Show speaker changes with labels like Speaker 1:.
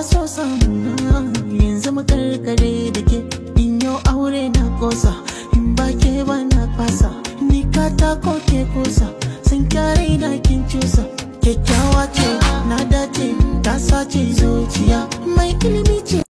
Speaker 1: na so san yanzu mu karkare da ke in yau aure na kosa in ba ke ba na fasa ni katako ke kusa sun kyare na kin cusa kyakkyawa ce na dace ta
Speaker 2: sace zuciya mai ilimi ce